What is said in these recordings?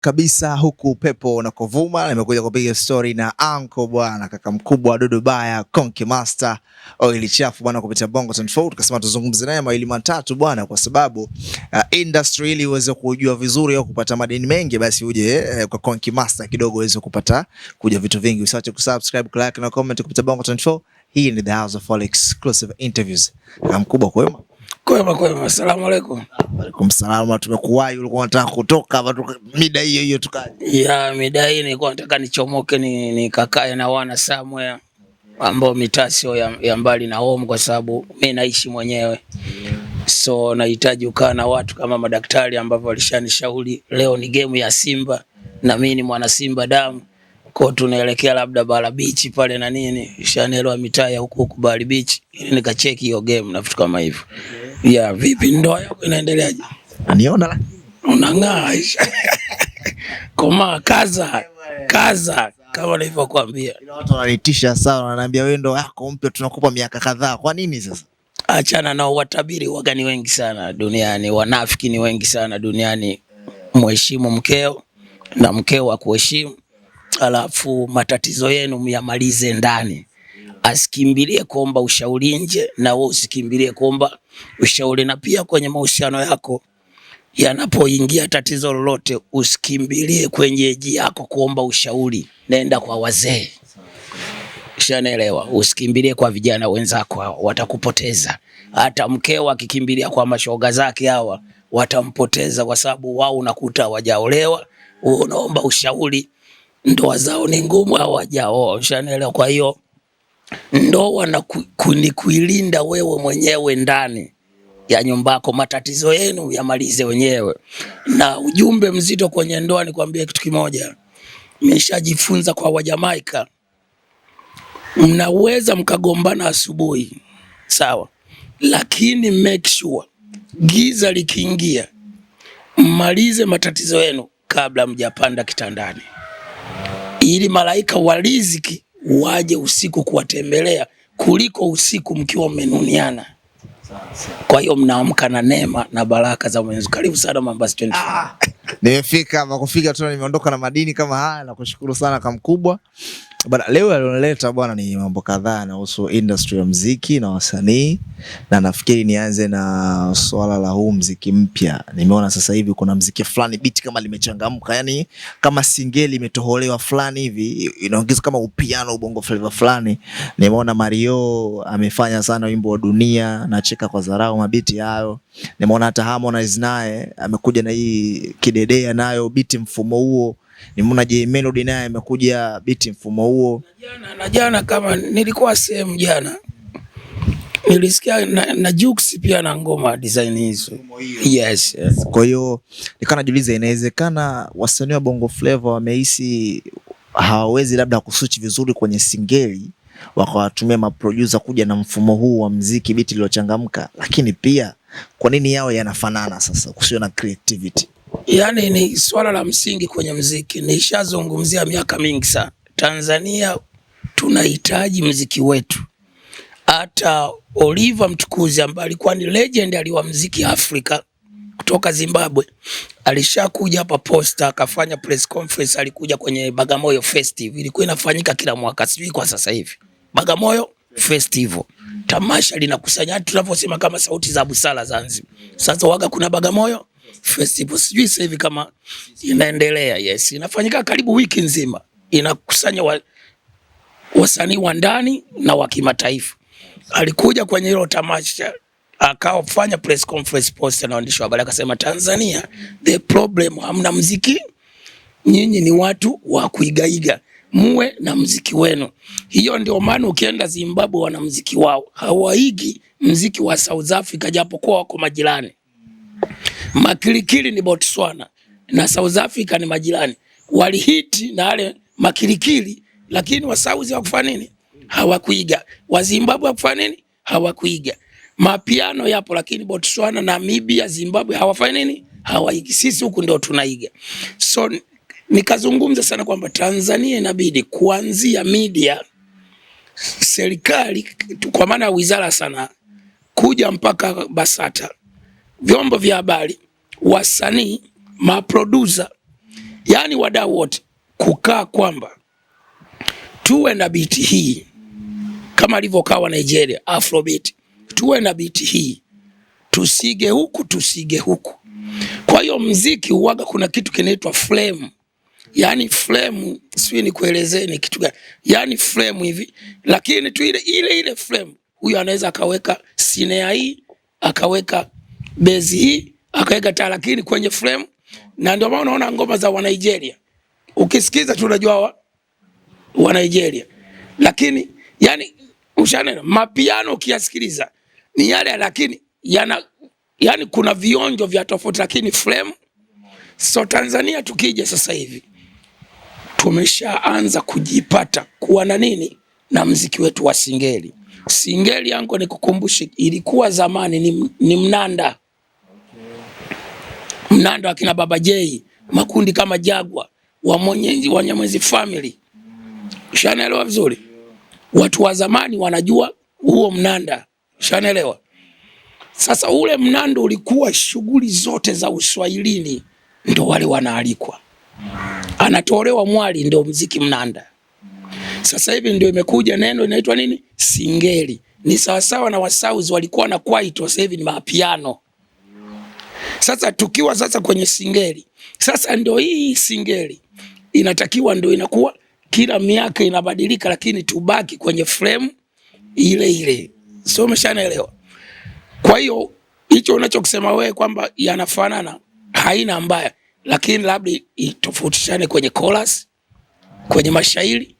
kabisa huku pepo unakovuma. Nimekuja kupiga story na anko bwana, kaka mkubwa Dudu Baya, Konki Master, oili chafu bwana, kupitia Bongo 24 tukasema tuzungumze naye mawili matatu bwana, kwa sababu uh, industry ili uweze kujua vizuri au kupata madini mengi, basi uje uh, kwa Konki Master kidogo uweze kupata kuja vitu vingi. Usiache kusubscribe, like na comment kupitia Bongo 24. Hii ni the House of All Exclusive Interviews. Mkubwa kwema Kwema kwema, asalamu alaykum. Alaykum salaam. Tumekuwahi, ulikuwa unataka kutoka hapa mida hiyo hiyo tukaje? Ya mida hii nilikuwa nataka nichomoke ni nikakae na wana somewhere ambao mitaa sio ya, ya mbali na home, kwa sababu mi naishi mwenyewe so nahitaji ukaa na watu kama madaktari ambao walishanishauri leo ni game ya Simba na mi ni mwana Simba damu kwa tunaelekea labda bara bichi pale na nini, shanelo mitaa ya huko huko bara bichi, ili nikacheki hiyo game na vitu kama hivyo. Okay. Yeah, vipi ndoa yako inaendeleaje? Aniona la. Unang'aa. Koma kaza. Kaza kama nilivyokuambia. Ila watu wananitisha sana, wananiambia wewe ndoa yako mpya tunakupa miaka kadhaa. Kwa nini sasa? Achana nao, watabiri waga ni wengi sana duniani, wanafiki ni wengi sana duniani. Mheshimu mkeo na mkeo akuheshimu alafu matatizo yenu myamalize ndani, asikimbilie kuomba ushauri nje, na wewe usikimbilie kuomba ushauri. Na pia kwenye mahusiano yako yanapoingia tatizo lolote, usikimbilie kwenye ji yako kuomba ushauri, nenda kwa wazee. Shanaelewa, usikimbilie kwa vijana wenzako, hao watakupoteza. Hata mkeo akikimbilia kwa mashoga zake hawa watampoteza, kwa sababu wao unakuta wajaolewa, unaomba ushauri ndoa zao ni ngumu, hawajaoa. Ushanielewa? Kwa hiyo ndoa na ku, ni kuilinda wewe mwenyewe ndani ya nyumba yako, matatizo yenu yamalize wenyewe. Na ujumbe mzito kwenye ndoa, nikwambie kitu kimoja, nimeshajifunza kwa Wajamaika, mnaweza mkagombana asubuhi, sawa, lakini make sure giza likiingia, mmalize matatizo yenu kabla mjapanda kitandani ili malaika wa riziki waje usiku kuwatembelea kuliko usiku mkiwa mmenuniana. Kwa hiyo mnaamka na neema na baraka za Mwenyezi. Karibu sana Mombasa 24. Ah, nimefika makufika tu nimeondoka na madini kama haya. Nakushukuru sana Kamkubwa. Bwana leo alionaleta bwana ni mambo kadhaa yanahusu industry ya mziki na wasanii, na nafikiri nianze na swala la huu mziki mpya. Nimeona sasa hivi kuna mziki fulani beat kama limechangamka, yani kama singeli imetoholewa fulani hivi inaongeza kama upiano ubongo flavor fulani. Nimeona Mario amefanya sana wimbo wa dunia, nacheka kwa dharau mabiti hayo. Nimeona hata Harmonize naye amekuja na hii kidedea nayo beat mfumo huo nimeona je Melody naye amekuja biti mfumo huo. Jana na jana kama nilikuwa sehemu jana nilisikia na, na Jux pia na ngoma design hizo. Yes, yes. Kwa hiyo nikaa najiuliza inawezekana wasanii wa Bongo Flava wamehisi hawawezi labda kusuchi vizuri kwenye singeli wakawatumia maprodusa kuja na mfumo huu wa mziki biti lilochangamka, lakini pia kwa nini yao yanafanana sasa kusio na creativity? Yaani ni swala la msingi kwenye mziki, nishazungumzia miaka mingi sana. Tanzania tunahitaji mziki wetu. Hata Oliver Mtukuzi ambaye alikuwa ni legend aliwa mziki Afrika kutoka Zimbabwe alishakuja hapa Posta akafanya press conference, alikuja kwenye Bagamoyo Festival, ilikuwa inafanyika kila mwaka, sijui kwa sasa hivi. Bagamoyo Festival tamasha linakusanya, tunavyosema kama sauti za busara Zanzibar. Sasa waga kuna Bagamoyo festival, sijui sasa hivi kama inaendelea. Yes, inafanyika karibu wiki nzima, inakusanya wa, wasanii wa ndani na wa kimataifa. Alikuja kwenye hilo tamasha akaofanya press conference post na waandishi wa habari akasema, Tanzania the problem, hamna mziki, nyinyi ni watu wa kuigaiga, muwe na mziki wenu. Hiyo ndio maana ukienda Zimbabwe wana mziki wao, hawaigi mziki wa South Africa, japokuwa wako majirani. Makilikili ni Botswana na South Africa ni majirani, walihiti na wale makilikili, lakini wasauzi hawakufanya nini? Hawakuiga. Wazimbabwe hawakufanya nini? Hawakuiga. Mapiano yapo, lakini Botswana, Namibia, Zimbabwe hawafanya nini? Hawaigi. Sisi huku ndio tunaiga. So nikazungumza sana kwamba Tanzania inabidi kuanzia media, serikali kwa maana ya wizara sana kuja mpaka BASATA vyombo vya habari, wasanii, maprodusa, yaani wadau wote kukaa kwamba tuwe na biti hii kama alivyokawa Nigeria Afrobeat, tuwe na biti hii, tusige huku tusige huku. Kwa hiyo mziki uwaga kuna kitu kinaitwa flame, yani flame, sijui nikuelezee ni kitu gani, yani flame hivi, lakini tu ile ile ile flame, huyo anaweza akaweka sinea hii akaweka bezi hii akaweka lakini kwenye frame, na ndio maana unaona ngoma za wa Nigeria ukisikiza tu unajua wa Nigeria, lakini yani ushanena mapiano ukiyasikiliza ni yale, lakini yana yani kuna vionjo vya tofauti, lakini frame. So Tanzania tukija sasa hivi tumeshaanza kujipata kuwa na nini na mziki wetu wa Singeli. Singeli yangu nikukumbushe, ilikuwa zamani ni, ni mnanda okay. Mnanda akina Baba J, makundi kama Jagwa, Wamonyezi, Wanyamwezi family mm. Shanaelewa vizuri yeah. Watu wa zamani wanajua huo mnanda, ushanaelewa Sasa ule mnando ulikuwa shughuli zote za uswahilini, ndo wale wanaalikwa, mm. anatolewa mwali, ndo mziki mnanda sasa hivi ndio imekuja neno inaitwa nini? Singeli. Ni sawasawa na wasauzi walikuwa na kwaito, sasa hivi ni mapiano. Sasa tukiwa sasa kwenye singeli, sasa ndio hii singeli inatakiwa ndio inakuwa kila miaka inabadilika, lakini tubaki kwenye frame ile ile, sio? Umeshanaelewa? Kwa hiyo hicho unachokisema wewe kwamba yanafanana haina mbaya, lakini labda itofautishane kwenye chorus, kwenye mashairi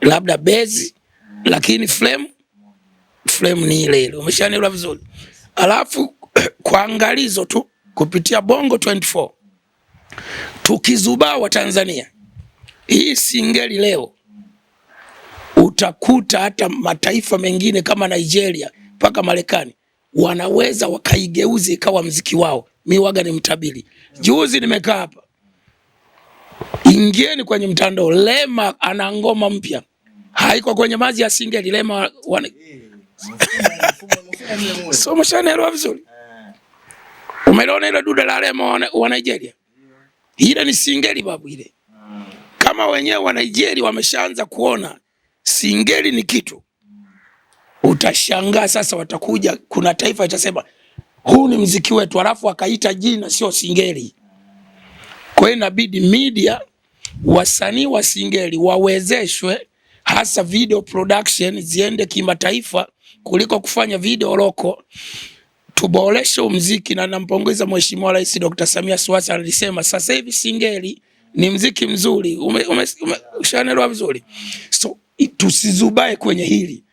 labda bezi, lakini frame frame ni ile ile. Umeshanielewa vizuri? Alafu kwa angalizo tu kupitia Bongo 24 tukizubaa wa Tanzania, hii singeli leo utakuta hata mataifa mengine kama Nigeria mpaka Marekani wanaweza wakaigeuza ikawa mziki wao. Mi waga ni mtabiri. Juzi nimekaa hapa, ingieni kwenye mtandao, Lema ana ngoma mpya haiko kwenye maji asinge dilema wan... so mshanelewa vizuri umeona ile duda la lema wa Nigeria ile ni singeli babu ile kama wenyewe wa Nigeria wameshaanza kuona singeli ni kitu utashangaa sasa watakuja kuna taifa itasema huu ni mziki wetu alafu akaita jina sio singeli kwa hiyo inabidi media wasanii wa singeli wawezeshwe hasa video production ziende kimataifa kuliko kufanya video loko, tuboreshe muziki. Na nampongeza Mheshimiwa Rais Dr. Samia Suluhu Hassan alisema sasa hivi singeli ni mziki mzuri ume, ume, ume, ushanelewa vizuri. So tusizubae kwenye hili.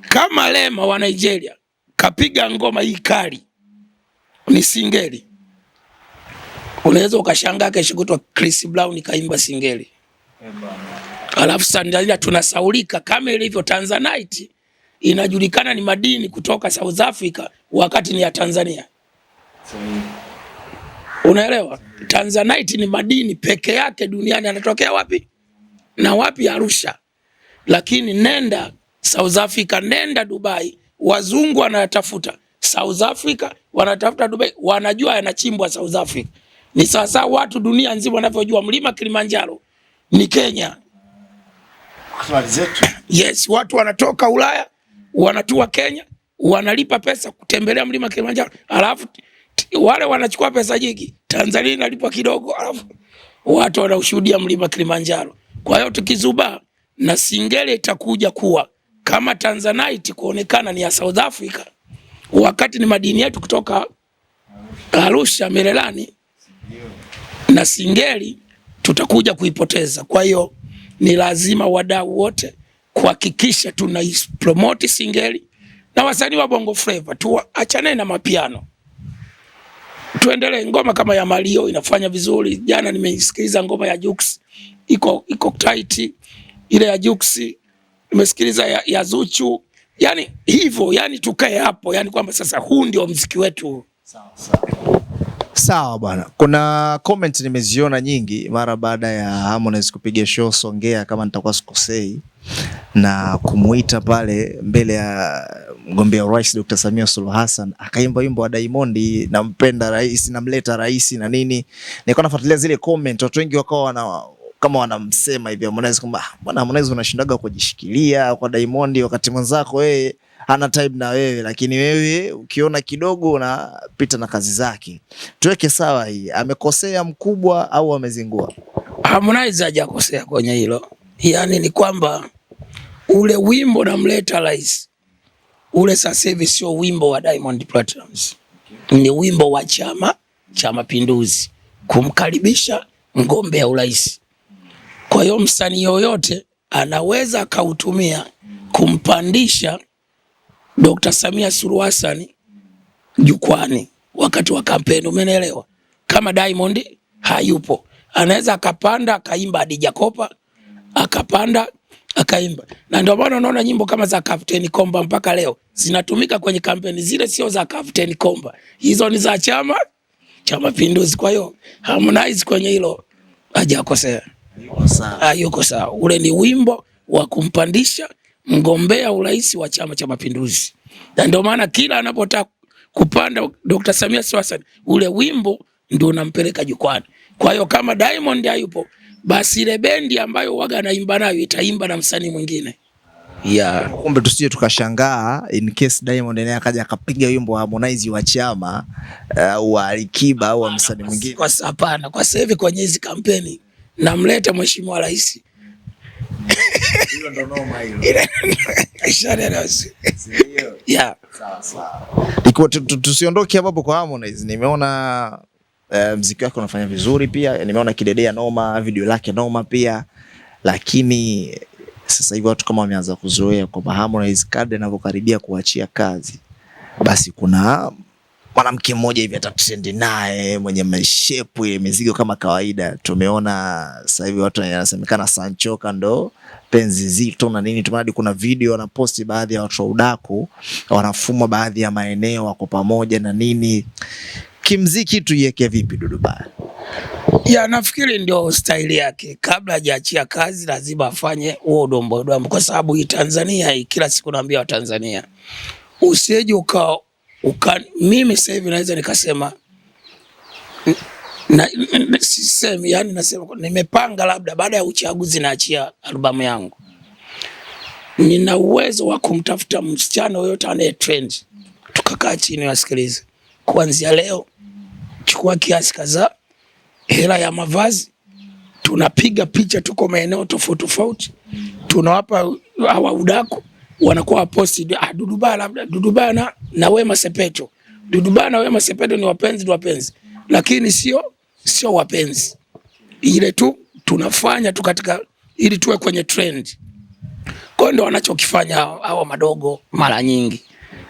Kama Lema wa Nigeria kapiga ngoma hii kali, ni singeli, unaweza ukashangaa kesho kutwa Chris Brown kaimba singeli. Eba. Alafu sandalia tunasaulika kama ilivyo Tanzanite inajulikana ni madini kutoka South Africa wakati ni ya Tanzania. Unaelewa? Tanzanite ni madini peke yake duniani anatokea wapi? Na wapi? Arusha. Lakini nenda South Africa, nenda Dubai, wazungu wanayatafuta. South Africa wanatafuta Dubai, wanajua yanachimbwa South Africa. Ni sasa watu dunia nzima wanavyojua mlima Kilimanjaro ni Kenya. Yes, watu wanatoka Ulaya wanatua Kenya, wanalipa pesa kutembelea mlima Kilimanjaro, alafu wale wanachukua pesa nyingi. Tanzania inalipwa kidogo, alafu watu wanaushuhudia mlima Kilimanjaro. Kwa hiyo tukizuba na singeli itakuja kuwa kama Tanzanite kuonekana ni ya South Africa, wakati ni madini yetu kutoka Arusha Merelani, na singeli tutakuja kuipoteza. Kwa hiyo ni lazima wadau wote kuhakikisha tuna promote singeli na wasanii wa bongo flava, achane na mapiano, tuendelee. Ngoma kama ya Mario inafanya vizuri. Jana nimesikiliza ngoma ya Jux iko iko tight, ile ya Jux nimesikiliza ya, ya Zuchu, yani hivyo, yani tukae hapo, yani kwamba sasa huu ndio mziki wetu. Sawa sawa. Sawa bwana, kuna comment nimeziona nyingi mara baada ya Harmonize kupiga show Songea, kama nitakuwa sikosei, na kumuita pale mbele ya mgombea urais Dr. Samia Suluhu Hassan, akaimba wimbo wa Diamond, nampenda rais, namleta rais na nini. Nilikuwa nafuatilia zile comment, watu wengi wakawa wana kama wanamsema hivi Harmonize kwamba ah, bwana, Harmonize unashindaga kujishikilia kwa Diamond wakati mwenzako yeye eh hana time na wewe, lakini wewe ukiona kidogo unapita na kazi zake. Tuweke sawa, hii amekosea mkubwa au amezingua? Harmonize hajakosea kwenye hilo, yaani ni kwamba ule wimbo namleta rais ule sasa hivi sio wimbo wa Diamond Platnumz, ni wimbo wa Chama cha Mapinduzi kumkaribisha mgombea urais. Kwa hiyo msanii yoyote anaweza akautumia kumpandisha Dr. Samia Suluhu Hassan jukwani wakati wa kampeni, umeelewa? Kama Diamond hayupo, anaweza akapanda akaimba hadi Kopa, akapanda akaimba. Na ndio maana unaona nyimbo kama za Captain Komba mpaka leo zinatumika kwenye kampeni, zile sio za Captain Komba, hizo ni za chama cha Mapinduzi. Kwa hiyo Harmonize kwenye hilo hajakosea, yuko sawa, ah, ule ni wimbo wa kumpandisha mgombea urais wa Chama cha Mapinduzi, na ndio maana kila anapotaka kupanda Dr. Samia Suluhu Hassan ule wimbo ndio unampeleka jukwani. Kwa hiyo kama Diamond hayupo, basi ile bendi ambayo waga anaimba nayo itaimba na msanii mwingine. Yeah. Kumbe tusije tukashangaa in case Diamond naye akaja akapiga wimbo wa Harmonize wa Chama au uh, wa Alikiba au msanii mwingine. Kwa sababu Hapana, kwa sasa hivi kwenye hizi kampeni namleta mheshimiwa rais Tusiondoke hapo kwa Harmonize, nimeona eh, mziki wake unafanya vizuri pia, nimeona kidedea noma, video lake noma pia, lakini sasa hivi watu kama wameanza kuzoea kwamba Harmonize kadri anavyokaribia kuachia kazi, basi kuna mwanamke mmoja hivi atatrendi naye mwenye mashepu ile mizigo kama kawaida. Tumeona sasa hivi watu wanasemekana Sancho kando penzi zito na nini, tumadi kuna video wanaposti baadhi ya watu wa udaku wanafuma baadhi ya maeneo wako pamoja na nini. Kimziki tuiweke vipi Dudu Baya? Ya, nafikiri ndio staili yake. Kabla hajaachia kazi lazima afanye huo udombodombo, kwa sababu hii Tanzania hii, kila siku naambia Watanzania, usije ukao uka, mimi sasa hivi naweza nikasema na, sisemi yani, nasema nimepanga labda baada ya uchaguzi naachia albamu yangu. Nina uwezo wa kumtafuta msichana yoyote anaye trend, tukakaa chini, wasikilize, kuanzia leo chukua kiasi kadhaa hela ya mavazi, tunapiga picha, tuko maeneo tofauti tofauti, tunawapa hawa udaku wanakuwa waposti ah, Duduba labda Duduba na, na Wema Sepetu. Duduba na Wema Sepetu ni wapenzi ni wapenzi, lakini sio sio wapenzi, ile tu tunafanya tu katika ili tuwe kwenye trend. Kwa ndio wanachokifanya hawa madogo mara nyingi,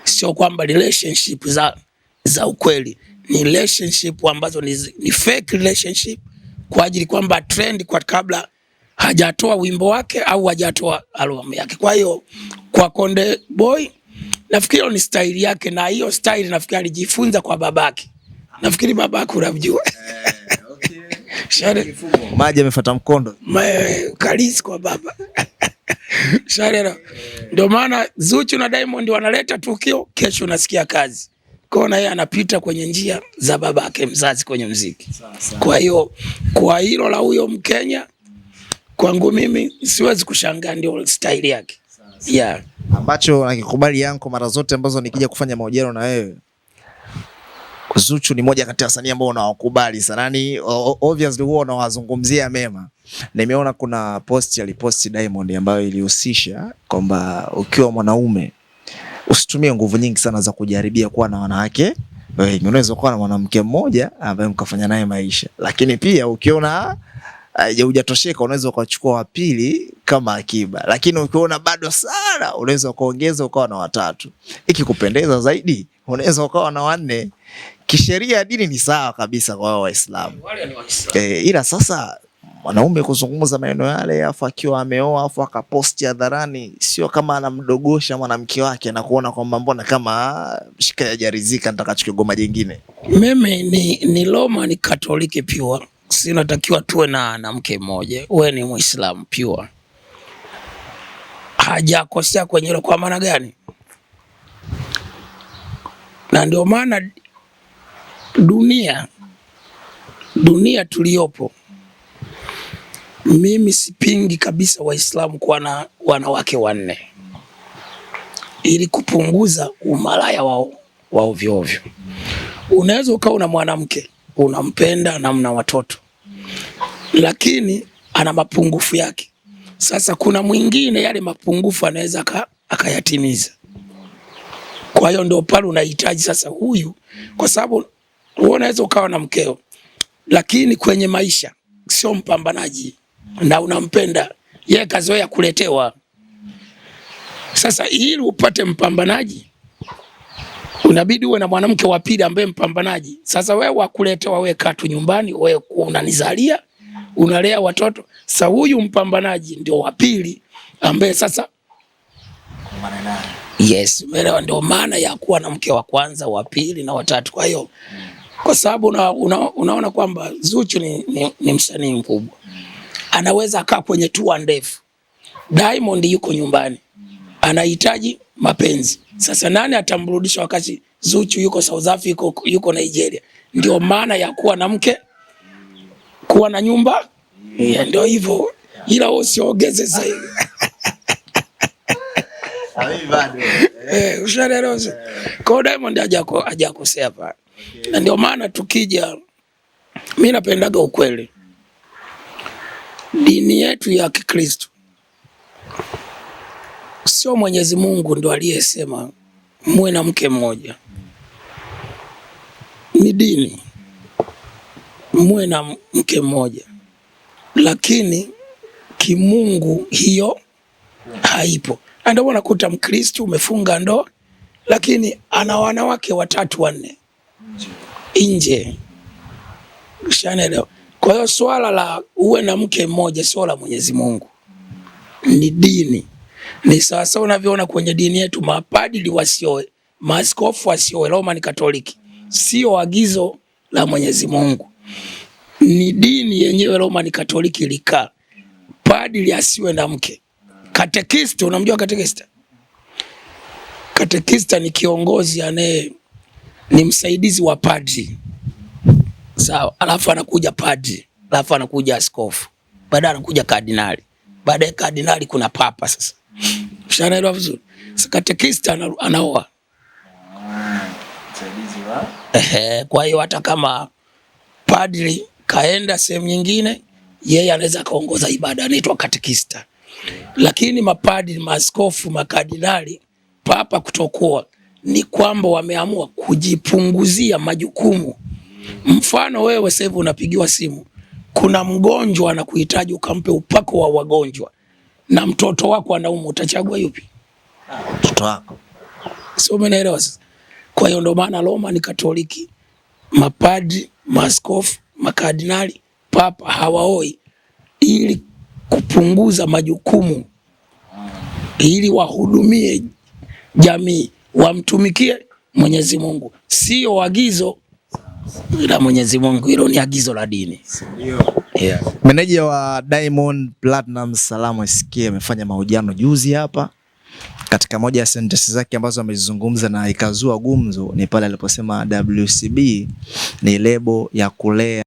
sio kwamba relationship za za ukweli ni relationship ambazo ni, ni fake relationship kwa ajili kwamba trend kwa kabla hajatoa wimbo wake au hajatoa albamu yake. Kwa hiyo kwa Konde Boy nafikiri ni staili yake, na hiyo staili nafikiri alijifunza kwa babake. Nafikiri babake unamjua eh, Share maji amefuata mkondo kalisi kwa baba Share eh. ndio maana Zuchu na Diamond wanaleta tukio, kesho unasikia kazi kona, yeye anapita kwenye njia za babake mzazi kwenye mziki. Kwa hiyo kwa hilo la huyo Mkenya kwangu mimi siwezi kushangaa, ndio style yake yeah. Ambacho nakikubali yanko mara zote ambazo nikija kufanya mahojiano na wewe Zuchu ni moja kati ya wasanii ambao unawakubali sana, ni yaani, obviously huwa unawazungumzia mema. Nimeona kuna post aliposti Diamond ambayo ilihusisha kwamba ukiwa mwanaume usitumie nguvu nyingi sana za kujaribia kuwa na wanawake wengi. Unaweza kuwa na mwanamke mmoja ambaye mkafanya naye maisha, lakini pia ukiona hujatosheka, unaweza ukachukua wa pili kama akiba, lakini ukiona bado sana, unaweza ukaongeza ukawa na watatu. Ikikupendeza zaidi, unaweza ukawa na wanne. Kisheria dini ni sawa kabisa kwa wao Waislamu wa e, eh, ila sasa mwanaume kuzungumza maneno yale afu akiwa ameoa afu akaposti hadharani, sio kama anamdogosha mwanamke wake na kuona kwamba mbona kama ah, shika yajarizika, nitakachokigoma jingine. Mimi ni, ni Roma ni Katoliki pia si unatakiwa tuwe na, na mke mmoja, Wewe ni Muislamu pure. Hajakosea kwenye hilo. Kwa maana gani? Na ndio maana dunia dunia tuliyopo, mimi sipingi kabisa Waislamu kuwa na wanawake wanne ili kupunguza umalaya wao wa ovyo ovyo. Unaweza ukawa una mwanamke unampenda na mna watoto, lakini ana mapungufu yake. Sasa kuna mwingine yale mapungufu anaweza akayatimiza. Kwa hiyo ndio pale unahitaji sasa huyu, kwa sababu wewe unaweza ukawa na mkeo, lakini kwenye maisha sio mpambanaji na unampenda yeye, kazoea kuletewa. Sasa ili upate mpambanaji unabidi uwe na mwanamke wa pili ambaye mpambanaji. Sasa wewe wakuletewa, wewe kaa tu nyumbani, wewe unanizalia unalea watoto. Sasa huyu mpambanaji ndio wa pili ambaye sasa Yes, umeelewa? Ndio maana ya kuwa na mke wa kwanza, wa pili na watatu. Kwa hiyo kwa sababu una, una, unaona kwamba Zuchu ni, ni, ni msanii mkubwa, anaweza akaa kwenye tua ndefu. Diamond yuko nyumbani, anahitaji mapenzi. Sasa nani atamrudisha wakati Zuchu yuko South Africa, yuko Nigeria? Ndio maana ya kuwa na mke kuwa na nyumba yeah, ndio hivyo, ila usiongeze zaidi hivi eh, ushaelewa kwa Diamond hajakosea pale, na ndio maana tukija, mi napendaga ukweli. Dini yetu ya Kikristo sio Mwenyezi Mungu ndo aliyesema muwe na mke mmoja, ni dini muwe na mke mmoja, lakini kimungu hiyo haipo. Ndio maana unakuta Mkristo umefunga ndoa, lakini ana wanawake watatu wanne nje. Ushaelewa? Kwa hiyo swala la uwe na mke mmoja sio la Mwenyezi Mungu, ni dini. Ni sasa unavyoona kwenye dini yetu mapadili wasioe, maaskofu wasioe, Roman Katoliki, sio agizo la Mwenyezi Mungu ni dini yenyewe Roma ni Katoliki ilikaa padri asiwe na mke. Katekista, unamjua katekista? Katekista ni kiongozi anaye, ni msaidizi wa padri, sawa. Alafu anakuja padri, alafu anakuja askofu, baadaye anakuja kardinali, baadaye kardinali kuna papa. Sasa shanaelewa vizuri. Katekista anaoa, ehe. Kwa hiyo hata kama padri kaenda sehemu nyingine, yeye anaweza akaongoza ibada, anaitwa katekista. Lakini mapadri, maaskofu, makardinali, papa kutokuwa ni kwamba wameamua kujipunguzia majukumu. Mfano wewe sasa hivi unapigiwa simu, kuna mgonjwa anakuhitaji ukampe upako wa wagonjwa, na mtoto wako anaumwa, utachagua yupi? Mtoto wako, sio? Umeelewa? Sasa kwa hiyo ndio maana Roma ni Katoliki, mapadri maskofu makardinali, papa hawaoi ili kupunguza majukumu, ili wahudumie jamii, wamtumikie Mwenyezi Mungu, sio agizo la Mwenyezi Mungu, hilo ni agizo la dini. Yeah. Meneja wa Diamond Platinum Salama SK amefanya mahojiano juzi hapa katika moja ya sentensi zake ambazo amezizungumza na ikazua gumzo ni pale aliposema WCB ni lebo ya kulea